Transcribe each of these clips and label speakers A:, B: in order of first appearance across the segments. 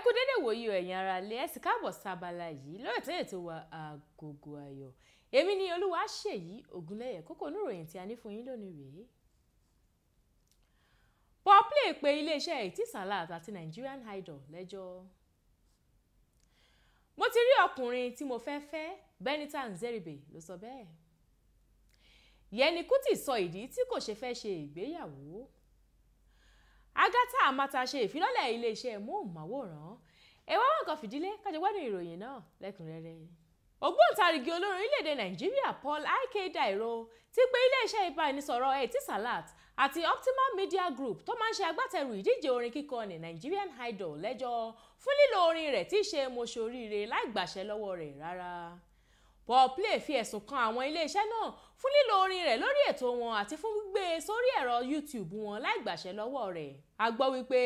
A: ẹ kú dédé wòyí o ẹ̀yin ara lé ẹ sì káàbọ̀ sábàlá yìí lórí tẹ́lẹ̀ tó wà Agogo Ayọ̀ èmi ni olúwa ṣèyí ògúnlẹ̀yẹ kókó oníròyìn tí a ní fún yín lónìí rèé. Paul Play iléeṣẹ́ Etisalat àti Nigerian Idol lẹ́jọ́ mo ti rí ọkùnrin tí mo fẹ́ fẹ́ Benita Nzeribe ló sọ bẹ́ẹ̀ Yẹni Kútì sọ ìdí tí kò ṣe fẹ́ ṣe ìgbéyàwó. So Agata Amata ṣe ìfilọ́lẹ̀ iléeṣẹ́ móhùnmáwòrán ẹ̀wọ́n wọn kan fìdílé kájọ gbádùn ìròyìn náà lẹ́kùnrẹ́rẹ́ ògbóǹtarìgì olórin orílẹ̀-èdè nàìjíríà Paul Ike Dairo ti pè iléeṣẹ́ ìbánisọ̀rọ̀ Etisalat àti Optimal Media Group tó máa ń ṣe agbátẹrù ìdíje orin kíkọ ní Nigerian Idol lẹ́jọ́ fún lílo orin rẹ̀ tí í ṣe mọ́ṣoríire láì gbàṣẹ lọ́wọ́ rẹ̀ rárá. Paul Play fi ẹ̀sùn kan àwọn iléeṣẹ́ náà fún lílo orin rẹ̀ lórí ètò wọn àti fún gbígbé e sórí ẹ̀rọ YouTube wọn láì gbàṣẹ lọ́wọ́ rẹ̀. a gbọ́ wípé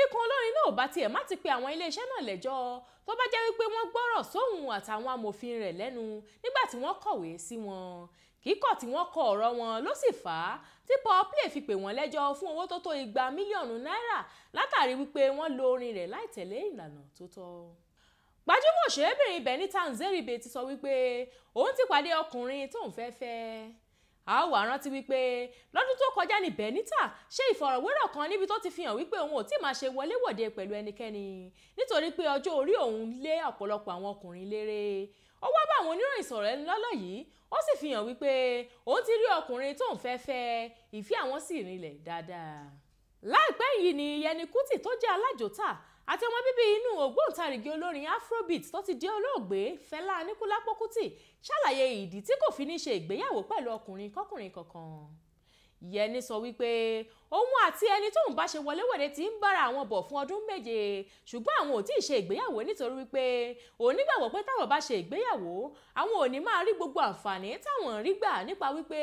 A: ikùn olórin náà bá tiẹ̀ má ti pe àwọn iléeṣẹ́ náà lẹ́jọ́ tó bá jẹ́ wípé wọ́n gbọ́rọ̀ sóhun àtàwọn amòfin rẹ̀ lẹ́nu nígbà tí wọ́n kọ̀wé sí wọn kíkọ̀ tí wọ́n kọ ọ̀rọ̀ wọn ló sì fà á tí Paul Play fi pè wọ́n lẹ́jọ́ fún owó tó tó igba mílíọ̀nù náírà látàrí wípé wọ́n lo orin rẹ̀ láì tẹ̀lé ìlànà tó tọ́ gbajúmọ̀ òṣèrébìnrin ibẹ̀ ní tanzeribe ti sọ wípé òun ti pàdé ọkùnrin tóun fẹ́ fẹ́ a ó wá rántí wípé lọ́dún tó kọjá ní benita ṣe ìfọ̀rọ̀wérọ̀ kan níbi tó ti fi hàn wípé òun ò tí máa ṣe wọléwọ̀de pẹ̀lú ẹnikẹ́ni nítorí pé ọjọ́ orí òun lé ọ̀pọ̀lọpọ̀ àwọn ọkùnrin léré ó wá bá àwọn oníròyìn sọ̀rọ̀ ẹni lọ́lọ́ yìí ó sì fi hàn wípé òun ti rí ọkùnrin tóun fẹ́ fẹ́ ìfẹ́ àwọn sì rinlẹ̀ dáadáa láìpẹ́ yìí ni Yẹni Kútì tó jẹ́ alájòtà àti ọmọ bíbí inú ògbóǹtarìgì olórin afrobeat tó ti di olóògbé Fẹlá Aníkúlápó Kútì ṣàlàyé ìdí tí kò fi ní ṣe ìgbéyàwó pẹ̀lú ọkùnrin kọkùnrin kankan yẹni sọ wípé òun àti ẹni tóun bá ṣe wọléwọ̀de ti ń bára àwọn bọ̀ fún ọdún méje ṣùgbọ́n àwọn ò tí ì ṣe ìgbéyàwó nítorí wípé òun nígbàgbọ́ pé táwọn bá ṣe ìgbéyàwó àwọn ò ní máa rí gbogbo àǹfààní táwọn ń rí gbà nípa wípé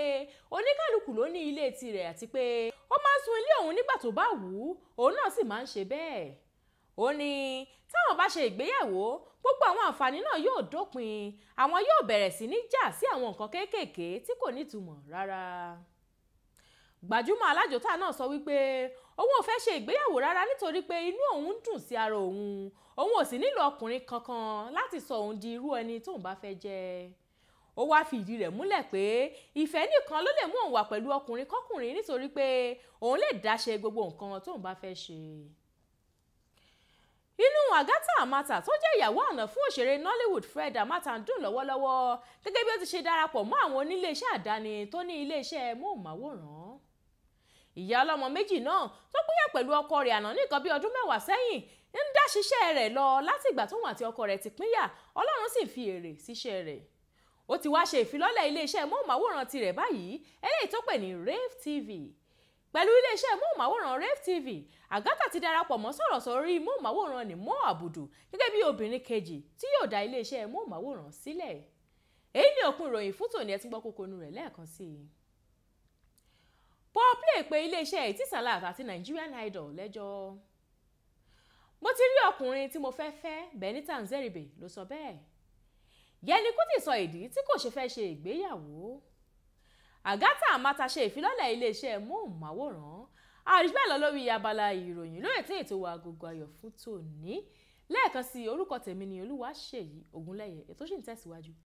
A: oníkálukú ló ní ilé tirẹ̀ àti pé ó máa ń sun ilé òun nígbà tó bá wù ú òun náà sì máa ń ṣe bẹ́ẹ̀ ó ní táwọn bá ṣe ìgbéyàwó gbogbo àwọn àǹfààní náà yóò dópin àwọn yóò bẹ̀rẹ̀ sí ní jà sí àwọn nǹkan kéékèèké tí kò nítumọ̀ rárá gbajúmọ̀ alájòtà náà sọ wípé òun ò fẹ́ ṣe ìgbéyàwó rárá nítorí pé inú òun ń dùn sí ara òun òun ò sì nílò ọkùnrin kankan láti sọ òun di irú ẹni tóun bá fẹ́ jẹ́ ó wáá fi ìdí rẹ̀ múlẹ̀ pé ìfẹ́ nìkan ló lè mú òun wà pẹ̀lú ọkùnrin kọkùnrin nítorí pé òun lè dáṣe gbogbo nǹkan tóun bá fẹ́ ṣe ọ̀hún Agatha Amata tó jẹ́ ìyàwó ọ̀nà fún òṣèré Nollywood Fred Amata ń dùn lọ́wọ́lọ́wọ́ gẹ́gẹ́ bí ó ti ṣe darapọ̀ mọ́ àwọn oníléeṣẹ́ àdáni tó ní iléeṣẹ́ móhùnmáwòrán ìyá ọlọ́mọ méjì náà tó pínyà pẹ̀lú ọkọ rẹ̀ àná ní nǹkan bí ọdún mẹ́wàá sẹ́yìn ń dá ṣiṣẹ́ rẹ̀ lọ láti ìgbà tóun àti ọkọ rẹ̀ ti pínyà Ọlọ́run sì fi èrè síṣẹ́ rẹ̀ ó ti wá ṣe ìfilọ́lẹ̀ iléeṣẹ́ móhùnmáwòrán tirẹ̀ báyìí eléyìí tó pè ní Rave TV pẹ̀lú iléeṣẹ́ móhùnmáwòrán ref tv agatha ti darapọ̀ mọ́ sọ̀rọ̀ sórí móhùnmáwòrán ní mọ́ àbùdù gẹ́gẹ́ bí obìnrin kejì tí yóò dá iléeṣẹ́ móhùnmáwòrán sílẹ̀ èyí ni òpin ìròyìn fún tòní ẹ ti gbọ́ kókó inú rẹ̀ lẹ́ẹ̀kan sí i. paul play pé iléeṣẹ́ etisalat àti nigerian idol lẹ́jọ́ mo ti rí ọkùnrin tí mo fẹ́ fẹ́ benita nzeribe ló sọ bẹ́ẹ̀ yẹni kútì sọ ìdí tí kò ṣe fẹ́ ṣe ìgbéyàwó Agatha Amata ṣe ìfilọ́lẹ̀ iléeṣẹ́ móhùnmáwòrán àrígbẹ́ lọ lórí abala ìròyìn lórí ètò ètò wa Agogo Ayọ̀ fún tòní lẹ́ẹ̀kan sí orúkọ tèmi ni Olúwaṣèyí Ògúnlẹ̀yẹ ètò sì ń tẹ̀síwájú